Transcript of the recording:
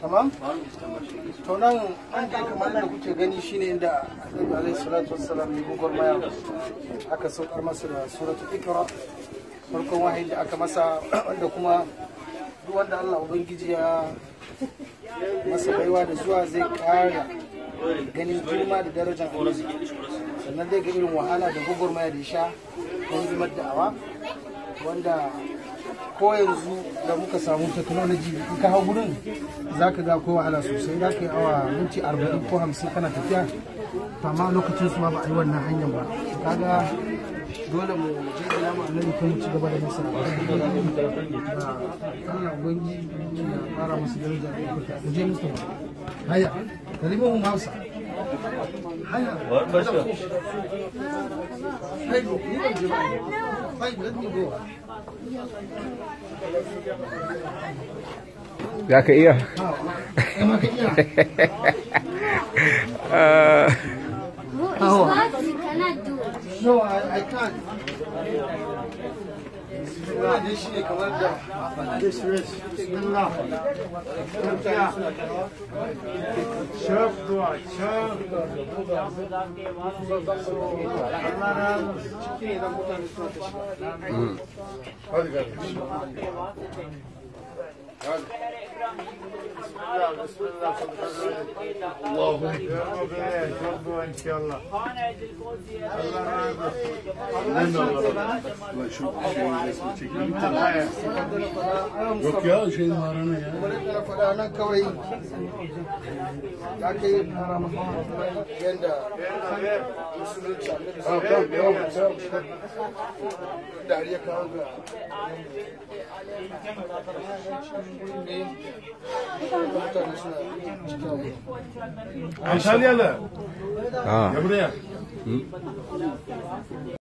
tamam to nan an kai kamar nan kuke gani shine inda annabi alaihi salatu wassalam ya gogor maya aka saukar masa da suratul ikra farkon wahayi da aka masa wanda kuma duk wanda Allah ubangiji ya masa baiwa da zuwa zai kara ganin girma da darajar annabi sannan zai ga irin wahala da gogor maya da sha don da'awa wanda ko yanzu da muka samu technology in ka hau gudun za ka ga ko wahala sosai za ka yi awa minti arba'in ko hamsin kana tafiya amma lokacin su ma ba a yi wannan hanyar ba kaga dole mu je ila mu annabi kuma ci gaba da nisa Allah ubangi ya fara musu daraja mu je musu haya kalimu mu hausa What must go? Hey, you don't give up. Hey, let me go. Dạ kỹ rồi uh, Oh, it's what you cannot do. No, I, I can't. Geçmiş. Bismillah. Türkiye. Çok dua, çok. Allah razı olsun. Hadi kardeşim. Hadi. Bismillah, bismillah. Allahu Ekber. Çok dua inşallah. Allah razı olsun. Ben de Allah şu şeyi çekeyim. Yok ya şeyin varana ya. Ana kavayı. Ya ki Yenda. Tamam tamam devam et. Derya kavga. Antalyalı. Ha. Ya buraya. Hı?